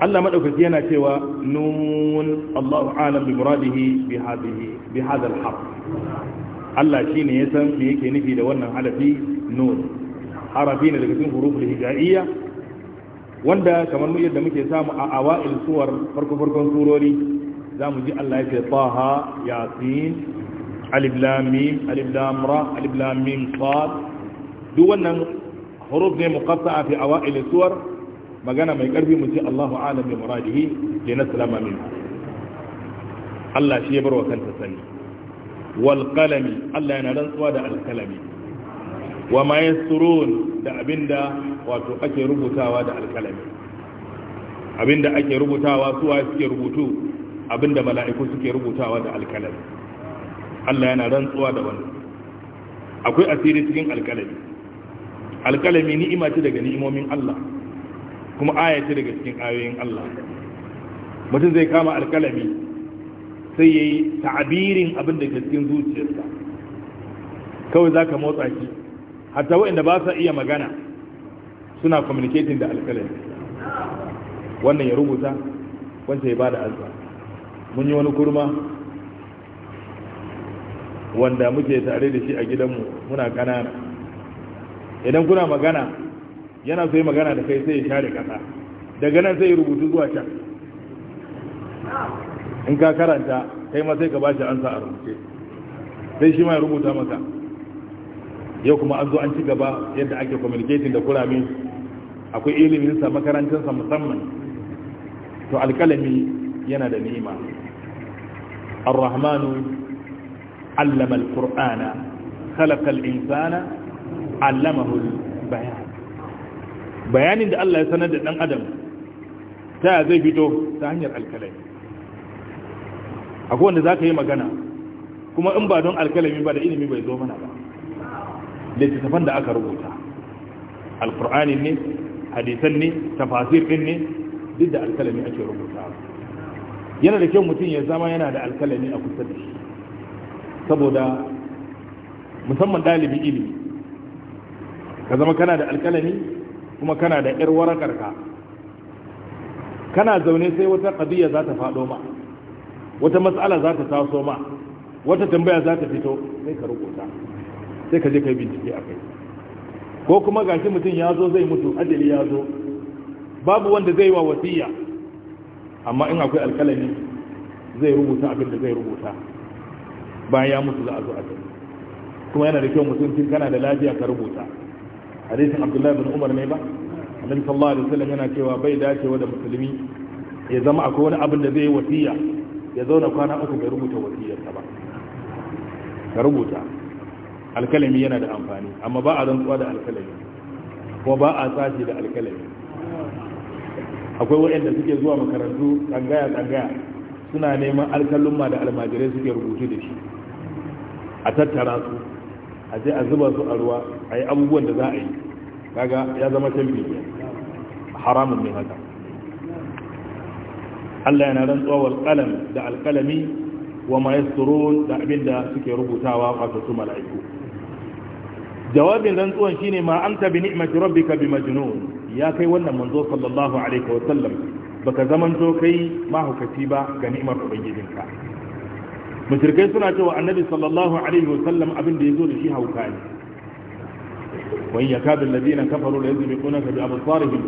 Allah madaukaki yana cewa nun Allahu alam bi muradihi bi hadhihi bi hadha al-harf Allah shine ya san me yake nufi da wannan harafi nun harafi ne daga cikin huruful hijaiyya wanda kamar mu yadda muke samu a awa'il suwar farko farkon surori zamu ji Allah ya ce taha yasin alif lam mim alif lam ra duk wannan huruf ne muqatta'a fi awail suwar magana mai karfi mu ce Allahu a'lam bi muradihi li salama min Allah shi ya bar wa kanta sani wal qalami Allah yana rantsuwa da al qalami wa ma yasrun da abinda wato ake rubutawa da al qalami abinda ake rubutawa suwa suke rubutu abinda mala'iku suke rubutawa da al Allah yana rantsuwa da wannan akwai asiri cikin alkalami alkalami ni'ima ce daga ni'imomin Allah kuma aya daga cikin ayoyin Allah mutum zai kama alkalami sai yayi ta'abirin abin da ke cikin zuciyarsa kawai zaka motsa shi hatta wanda ba sa iya magana suna communicating da alkalami wannan ya rubuta wancan ya bada azza mun yi wani kurma wanda muke tare da shi a gidanmu muna kanana idan kuna magana yana so yi magana da kai sai ya share kasa daga nan sai rubutu zuwa can in ka karanta kai ma sai ka ba ansa a rubuce sai shi ma ya rubuta maka yau kuma an zo an ci gaba yadda ake communicating da kurami akwai iliminsa makarantinsa musamman to alkalami yana da ni'ima ar-rahmanu allama alqur'ana khalaqa al-insana allamahu al-bayan bayanin da Allah ya sanar da ɗan adam ta zai fito ta hanyar alkalami akwai wanda zaka yi magana kuma in ba don alkalami ba da ilimi bai zo mana ba littattafan da aka rubuta alqur'ani ne hadisan ne tafasir din ne duk da alkalami ake rubuta yana da kyau mutum ya zama yana da alkalami a kusa da shi saboda musamman dalibi ilimi ka zama kana da alkalami kuma kana da yar warakarka kana zaune sai wata ƙadiyya za ta faɗo ma wata matsala za ta taso ma wata tambaya za ta fito sai ka rubuta sai ka je ka bincike a kai ko kuma gashi mutum ya zo zai mutu ajali ya zo babu wanda zai wa wasiya amma in akwai alkalami zai rubuta abin da zai rubuta bayan ya mutu za a zo a gani kuma yana da kyau mutum tun kana da lafiya ka rubuta hadisin abdullahi bin umar ne ba annabi sallallahu alaihi wasallam yana cewa bai dacewa da musulmi ya zama akwai wani abin da zai yi wasiya ya zauna kwana uku bai rubuta wasiyarsa ba ka rubuta alkalami yana da amfani amma ba a rantsuwa da alkalami kuma ba a sashi da alkalami akwai waɗanda suke zuwa makarantu tsangaya-tsangaya suna neman alkalumma da almajirai suke rubutu da shi a tattara su a je a zuba su a ruwa a yi abubuwan da za a yi kaga ya zama canfi haramun ne haka Allah yana rantsuwa wal qalam da alƙalami wa da abin da abinda suke rubutawa wato su mala'iku jawabin rantsuwan shine ma anta bi ni'mati rabbika bi majnun ya kai wannan manzo sallallahu alaihi wa sallam baka zamanto kai mahaukaci ba ga ni'mar ubangijinka mushrikai suna cewa annabi sallallahu alaihi wasallam abin da ya zo da shi hauka ne wani ya wa yakadu alladhina kafaru la yuzbiqunaka bi absarihim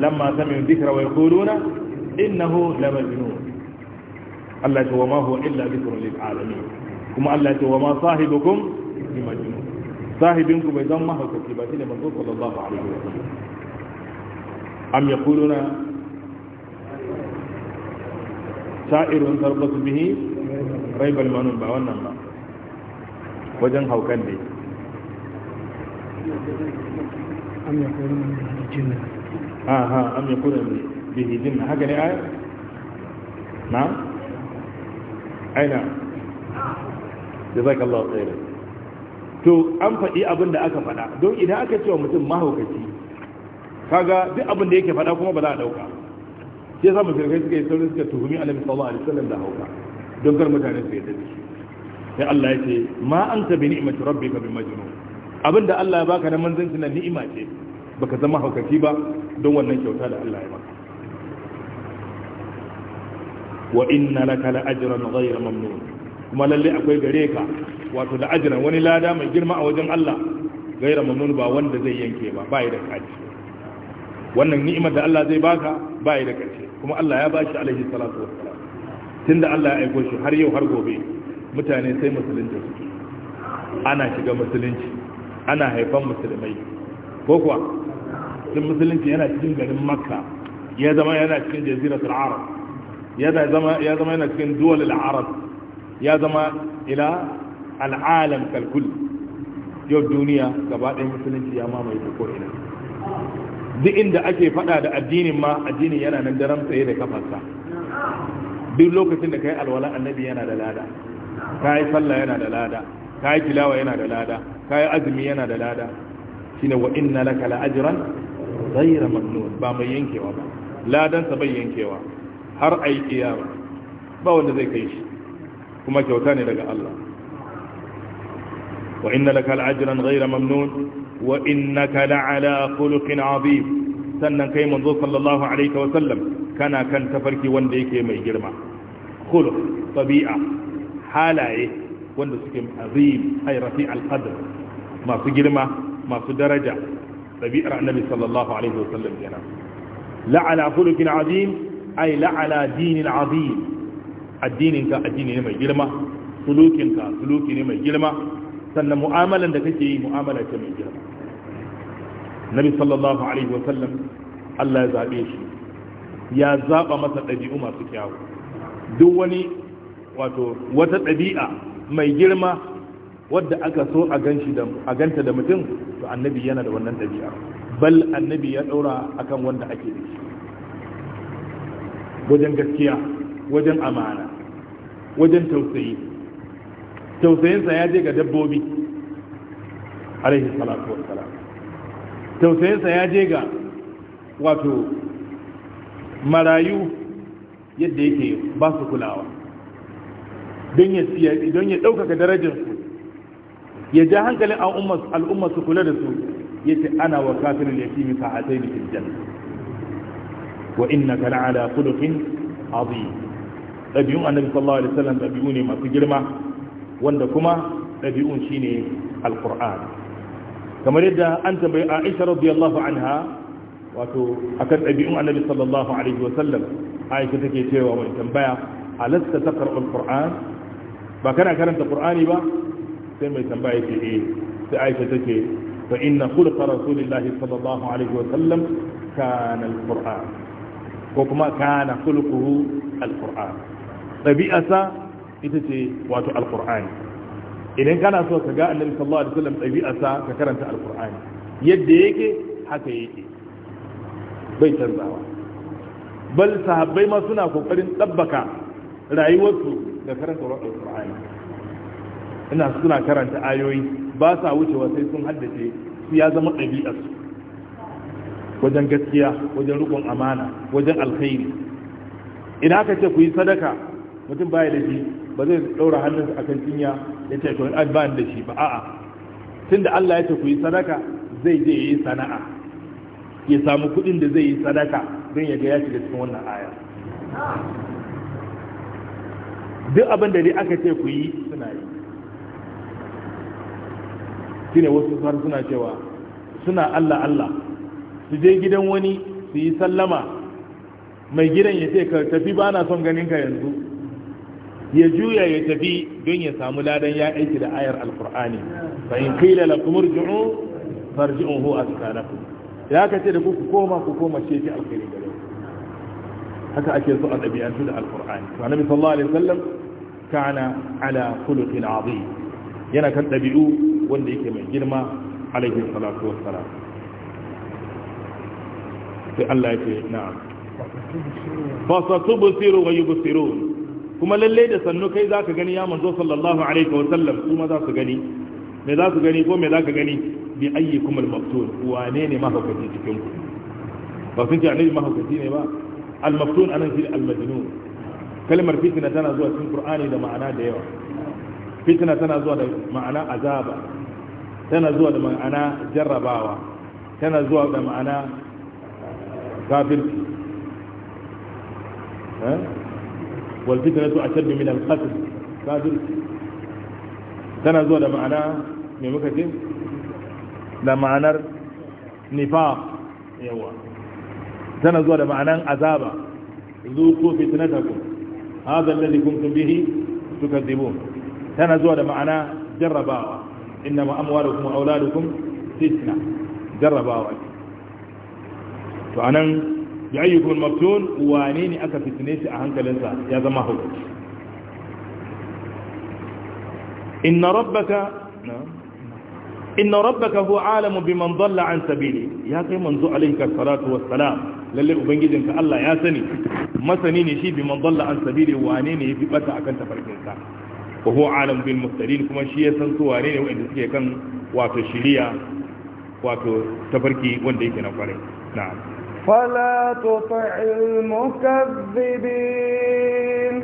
lamma sami'u dhikra wa yaquluna innahu la majnun Allah ta wama huwa illa dhikrun lil alamin kuma Allah ta wama sahibukum bi majnun sahibinku bai zama mahaukaci ba shi ne manzo sallallahu alaihi wasallam am yaquluna sha'irun tarbasu bihi raibal manun ba wannan ba wajen haukan ne aha ya yakuna bihi jinna haka ne ayar na aina jazakallahu tsere. to an faɗi abin da aka faɗa don idan aka cewa wa mutum mahaukaci kaga duk abin da yake faɗa kuma ba za a ɗauka shi yasa mushrikai suka yi saurin suka tuhumi annabi sallallahu alaihi wasallam da hauka don kar mutane su yadda da shi sai Allah ya ce ma anta bi ni'mati rabbika bi majnun abinda Allah ya baka na manzanci na ni'ima ce baka zama haukaci ba don wannan kyauta da Allah ya maka wa inna laka la ajran ghayra mamnun kuma lalle akwai gare ka wato da ajran wani lada mai girma a wajen Allah ghayra mamnun ba wanda zai yanke ba bai da kaji wannan ni'imar da Allah zai baka ba da ƙarshe kuma Allah ya bashi alaihi salatu wassalam tunda Allah ya aiko shi har yau har gobe mutane sai musulunci suke ana shiga musulunci ana haifan musulmai ko kuwa cikin musulunci yana cikin garin makka ya zama yana cikin jaziratul arab ya zama yana cikin duwalul arab ya zama ila al'alam kalkul yau duniya gaba ɗaya musulunci ya mamaye ko ina duk inda ake fada da addinin ma addinin yana nan daram tsaye da kafarsa duk lokacin da yi alwala annabi yana da lada kai sallah yana da lada kai tilawa yana da lada kai azumi yana da lada shine wa inna laka la ajran ghayra mamnun ba mai yankewa ba Ladansa sa bai yankewa har ai kiyama ba wanda zai kai shi kuma kyauta ne daga Allah wa inna laka la ajran ghayra mamnun wa innaka la'ala khuluqin azim sannan kai manzo sallallahu alaihi wa sallam kana kan tafarki wanda yake mai girma khuluq tabi'a halaye wanda suke azim ay rafi al-qadr masu girma masu daraja tabi'ar annabi sallallahu alaihi wa sallam kenan la'ala khuluqin azim ay la'ala dinin azim addinin ka addini ne mai girma sulukin ka suluki ne mai girma sannan mu'amalan da kake yi mu'amala ce mai girma nabi sallallahu alaihi wasallam Allah ya zaɓe shi ya zaba masa ɗabi'u masu kyawu duk wani wato wata ɗabi'a mai girma wadda aka so a ganshi da a ganta da mutum to annabi yana da wannan ɗabi'a bal annabi ya ɗaura akan wanda ake da shi wajen gaskiya wajen amana wajen tausayi tausayinsa ya je ga dabbobi alaihi salatu wassalam tausayinsa ya je ga wato marayu yadda yake ba su kulawa don ya ɗaukaka darajarsu ya ja hankalin al'umma su kula da su ya ce ana wa kafirin ya kimi ka hatai da kirjan wa inna kana ala kulukin azim ɗabi'un annabi sallallahu alaihi wasallam ɗabi'u ne masu girma wanda kuma ɗabi'un shine alqur'ani kamar yadda an tambayi Aisha radiyallahu anha wato akan ɗabi'un Annabi sallallahu alaihi wa sallam Aisha take cewa mai tambaya alasta taqra'u al-Qur'an ba kana karanta Qur'ani ba sai mai tambaya ce eh sai Aisha take fa inna khulqa rasulillahi sallallahu alaihi wa sallam kana al-Qur'an ko kuma kana khulquhu al-Qur'an ɗabi'arsa ita ce wato al-Qur'ani idan kana so ka ga annabi sallallahu alaihi wasallam sa ka karanta alqur'ani yadda yake haka yake bai canzawa bal sahabbai ma suna kokarin ɗabbaka rayuwarsu da karanta alqur'ani ina suna karanta ayoyi ba sa wucewa sai sun haddace su ya zama ɗabi'arsu wajen gaskiya wajen rikon amana wajen alkhairi idan aka ce ku yi sadaka mutum baya da shi ba zai daura hannunsa akan cinya ya ce to an da shi ba a'a tunda Allah ya ce ku yi sadaka zai je yi sana'a ya samu kuɗin da zai yi sadaka don ya ga ya shiga cikin wannan aya duk abin da dai aka ce ku yi suna yi shine wasu har suna cewa suna Allah Allah su je gidan wani su yi sallama mai gidan ya ce ka tafi ba na son ganin ka yanzu ya juya ya tafi don ya samu ladan ya aiki da ayar alkur'ani fa in qila lakum irji'u farji'uhu askanakum ya kace da ku ku koma ku koma shefi alkhairi gare haka ake so a ɗabi'antu da alkur'ani to annabi sallallahu alaihi wasallam kana ala khuluqin azim yana kan ɗabi'u wanda yake mai girma alaihi salatu wassalam sai Allah ya ce na'am fasatubsiru wa yubsirun kuma lallai da sannu kai za ka gani ya manzo sallallahu alaihi wa sallam su za su gani me za su gani ko me za ka gani bi ayyukum al-maftun wane ne mahaukaci cikin ku ba sun ce annabi mahaukaci ne ba al-maftun anan shi al-majnun kalmar fitna tana zuwa cikin qur'ani da ma'ana da yawa fitna tana zuwa da ma'ana azaba tana zuwa da ma'ana jarrabawa tana zuwa da ma'ana kafirci eh? wal a ashaddu min al qatl kafir tana zuwa da ma'ana me muka ce da ma'anar nifaq yawa tana zuwa da ma'anar azaba zuqu fitnatakum hadha alladhi kuntum bihi tukadzibun tana zuwa da ma'ana jarrabawa innama amwalukum wa auladukum fitna to ya bi ayyukun maftun wane ne aka fitine shi a hankalinsa ya zama hukunci inna rabbaka inna rabbaka huwa alamu biman dhalla an sabili ya kai manzo alayka salatu wassalam lalle ubangijinka Allah ya sani masani ne shi biman dhalla an sabili wane ne yafi bata akan tafarkinsa wa huwa alamu bil muhtadin kuma shi ya san su wane ne wanda suke kan wato shiriya wato tafarki wanda yake na kwarai na'am
فلا تطع المكذبين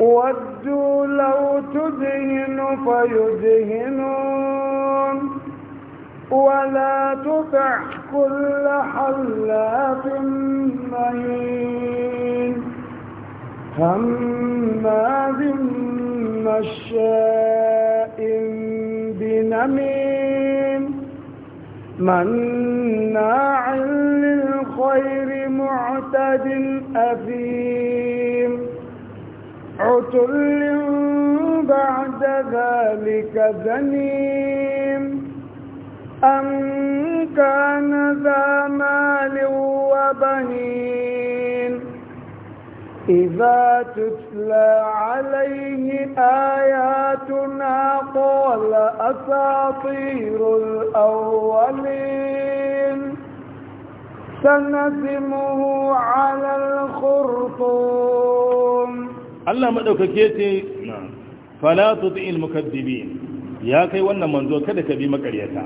ودوا لو تدهن فيدهنون ولا تطع كل حلاف مهين ذم مشاء بنمين مناع للخير معتد أثيم عتل بعد ذلك ذنيم أن كان ذا مال وبنين إذا تتلى عليه آياتنا قال أساطير الأولين سنسمه على الخرطوم
الله ما دوكاكيتي فلا تطع المكذبين يا كي wannan manzo kada ka bi makaryata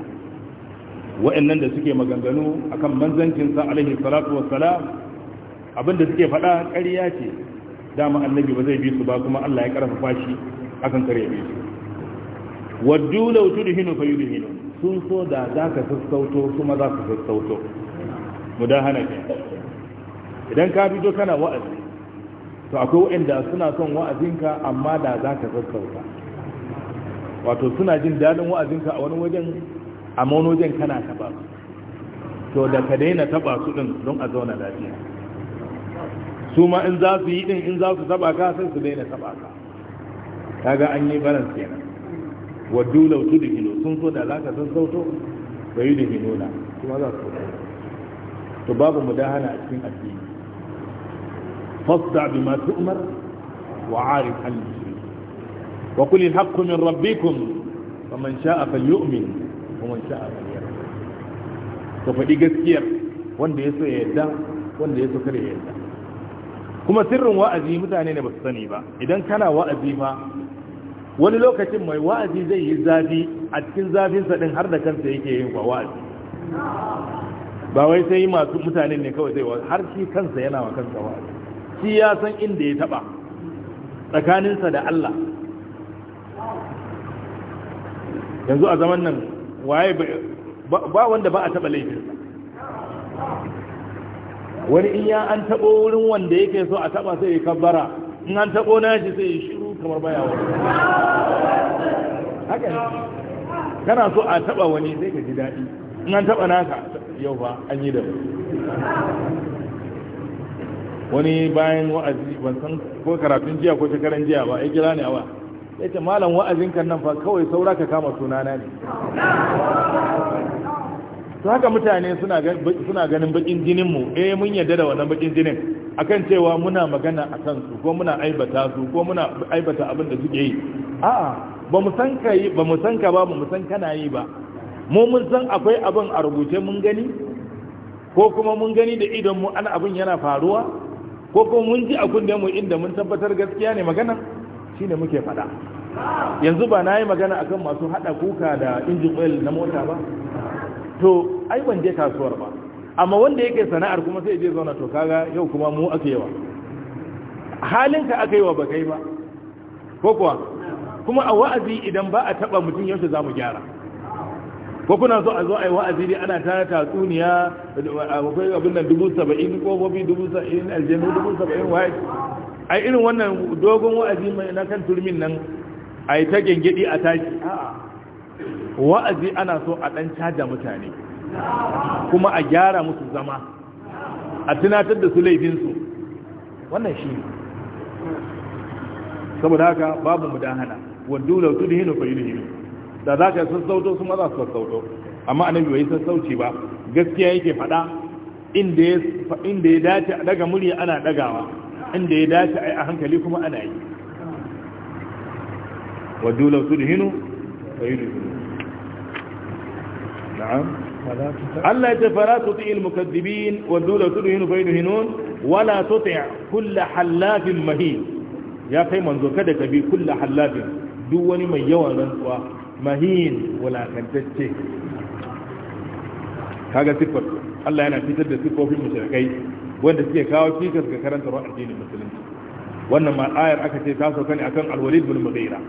wa'annan da suke maganganu akan manzancin sa abinda suke faɗa ƙarya ce dama annabi ba zai bi su ba kuma Allah ya karfafa fashi akan kare bi su waddu law tudhinu fayudhinu sun so da za ka sassauto kuma za ka sassauto mudahana ke idan ka fito kana wa'azi to akwai waɗanda suna son wa'azinka amma da za ka sassauta wato suna jin daɗin wa'azinka a wani wajen a wani wajen kana taɓa su to da ka daina taɓa su ɗin don a zauna lafiya su ma in za su yi din in za su taba ka sai su daina taba ka kaga an yi baran kenan waddu law tudhinu sun so da zaka san sauto bai da hinuna kuma za su to babu mudahana a cikin addini fasda bima tu'mar wa arif al muslimin wa qul al haqqu min rabbikum faman sha'a falyu'min wa man sha'a falyakfur to faɗi gaskiyar wanda ya so ya yarda wanda ya so kada ya yarda kuma sirrin wa'azi mutane ne ba su sani ba idan kana wa'azi ba wani lokacin mai wa'azi zai yi zafi a cikin zafinsa din har da kansa yake yin wa wa'azi ba wai sai yi masu mutane ne kawai zai wa'azi har shi kansa yana wa kansa wa'azi shi ya san inda ya taba tsakaninsa da Allah yanzu a zaman nan waye ba wanda ba a taba laifinsa wani in ya an taɓo wurin wanda yake so a taɓa sai ya kabbara in an taɓo na shi sai ya shiru kamar baya wani haka ne kana so a taɓa wani sai ka ji daɗi in an taɓa naka yau ba an yi da wani bayan wa'azi ban san ko karatun jiya ko shekaran jiya ba ya kira ne a ba ya ce malam wa'azin kan nan fa kawai saura ka kama sunana ne to haka mutane suna ganin bakin jininmu eh mun yarda da wannan bakin jinin akan cewa muna magana a kansu ko muna aibata su ko muna aibata abin da suke yi a'a ba mu san ka ba mu san ka ba mu san kana yi ba mu mun san akwai abin a rubuce mun gani ko kuma mun gani da idon mu ana abin yana faruwa ko kuma mun ji a kunne mu inda mun tabbatar gaskiya ne magana shine muke faɗa yanzu ba na yi magana akan masu haɗa kuka da injin oil na mota ba to ai ban je kasuwar ba amma wanda yake sana'ar kuma sai je zauna to kaga yau kuma mu aka yawa halinka aka yi wa ba kai ba ko kuwa kuma a wa'azi idan ba a taba mutum yaushe za mu gyara ko kuna so a zo a yi wa'azi ne ana tara tatsuniya akwai abin nan dubu saba'in kofofi dubu saba'in aljanu dubu saba'in waye a irin wannan dogon wa'azi mai na kan turmin nan a yi ta gengedi a tashi a'a wa'azi ana so a ɗan caja mutane kuma a gyara musu zama a tunatar da su laifinsu wannan shi ne saboda haka babu mudahana wadu da tudu hinu fa yudhinu da za ka sassauto su maza su sassauto amma nabi bai sassauci ba gaskiya yake faɗa inda ya dace a daga murya ana dagawa inda ya dace a hankali kuma ana yi wadu da tudu hinu نعم. ألا تطيع المكذبين والدولة تدهن فيدهنون ولا تطع كل حلاف مهين يا خي منذ كدك بي كل حلاف دوني من يوانا ومهين ولا كنتش هذا سفر الله أنا في تدى سفر في المشركي وانت سيئة كاوكي كذلك كرنت رائع دين وانما آير أكتب تاسو كان أكن الوليد بن مغيرة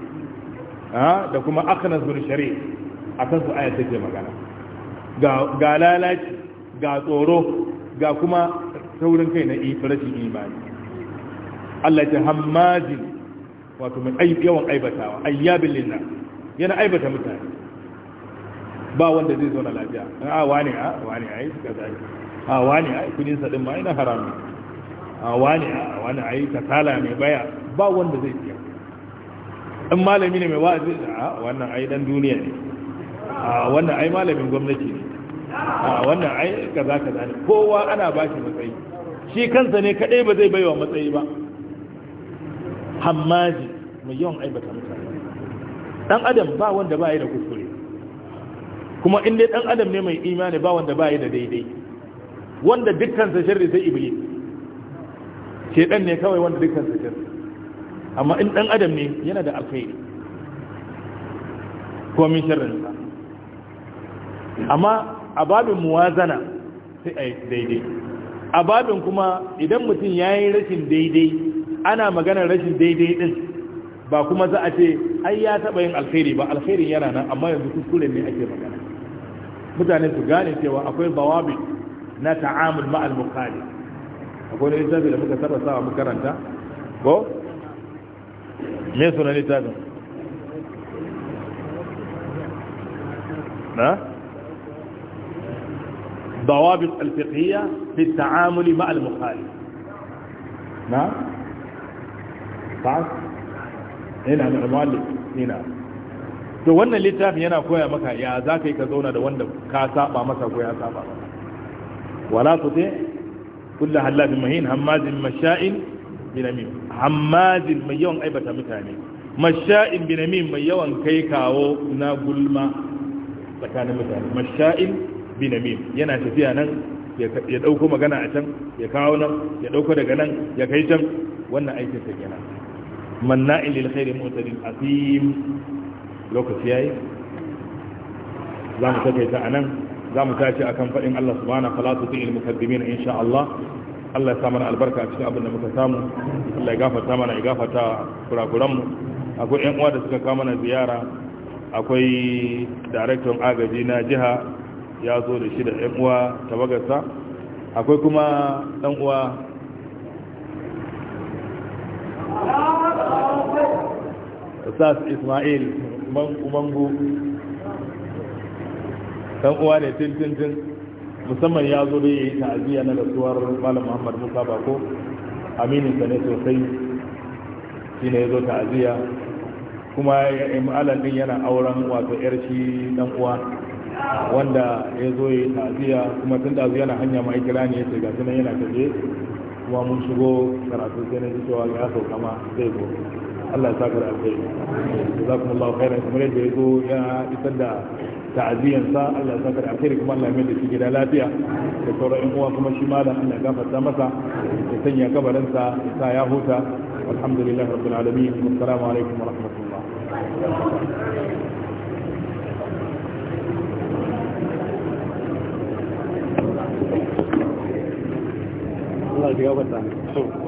da kuma akana zuri shari'a a kan su ayat ke magana ga lalaci ga tsoro ga kuma saurin kai na rashin imani Allah ta hammajin wato mai yawan aibatawa ayyabin lina yana aibata mutane ba wanda zai zo na lafiya a ah, wani a ah, wani a yi suka zai a ah, wani a kudin sadin ma ina haramu a wani a wani a yi tala, mai baya ba wanda zai in malami ne mai wa'azi a wannan ai dan duniya ne a wannan ai malamin gwamnati ne
a wannan
ai kaza kaza ne kowa ana ba shi matsayi shi kansa ne kadai ba zai baiwa matsayi ba hammaji mai yawan aibata mutane dan adam ba wanda ba yi da kuskure kuma in dai dan adam ne mai imani ba wanda ba yi da daidai wanda dukkan sa sharri sai iblis shedan ne kawai wanda dukkan sa amma in dan adam ne yana da alkhairi ko min sharrin sa amma a babin muwazana sai a daidai a babin kuma idan mutum ya yi rashin daidai ana maganar rashin daidai din ba kuma za a ce ai ya taɓa yin alkhairi ba alkhairin yana nan amma yanzu kuskure ne ake magana mutane su gane cewa akwai bawabi na ta'amul ma'al mukhali akwai ne littafi da muka sarrafa muka karanta ko me sunan littafin na ضوابط الفقهية في التعامل مع المخالف نعم بعد هنا المؤلف هنا to wannan littafin yana koya maka ya za ka yi ka zauna da wanda ka saba masa ko ya saba masa wala tuti kullu halafin mahin hammazin masha'in binamim hammadin mai yawan aibata mutane masha'in binamim mai yawan kai kawo na gulma tsakanin mutane masha'in binamim yana tafiya nan ya dauko magana a can ya kawo nan ya dauko daga nan ya kai can wannan aikin sa kenan manna'in lil khairi mu'tadin asim lokaci yayi za mu take ta anan za mu akan fadin Allah subhanahu wa ta'ala tu'il mukaddimin insha Allah Allah ya samar albarka a cikin abin da muka samu Allah ya gafarta mana ya gafarta kurakuranmu akwai yan uwa da suka kawo mana ziyara akwai daraktan agaji na jiha ya zo da shi da yan uwa tabagarsa akwai kuma dan uwa Sas Ismail Mangu dan uwa ne tintintin musamman ya zo da ya yi ta'aziyya na rasuwar malam muhammad musa bako aminin sa ne sosai shi ne ya zo ta'aziyya kuma ma'alar din yana auren wato yar shi dan uwa wanda ya zo ya yi ta'aziyya kuma tun da yana hanya ma ikira ne yace ga sunan yana taje kuma mun shigo karatu sai na ji cewa ya sauka kama zai zo Allah ya saka da alkhairi jazakumullahu khairan kamar yadda ya zo ya isar da ta'aziyan sa Allah ya saka alheri kuma Allah ya mai da shi gida lafiya da sauran ƴan uwa kuma shi malam Allah ya gafarta masa ya sanya kabarin sa ya sa ya huta walhamdulillahi rabbil alamin assalamu alaikum wa rahmatullah
Allah ya gafarta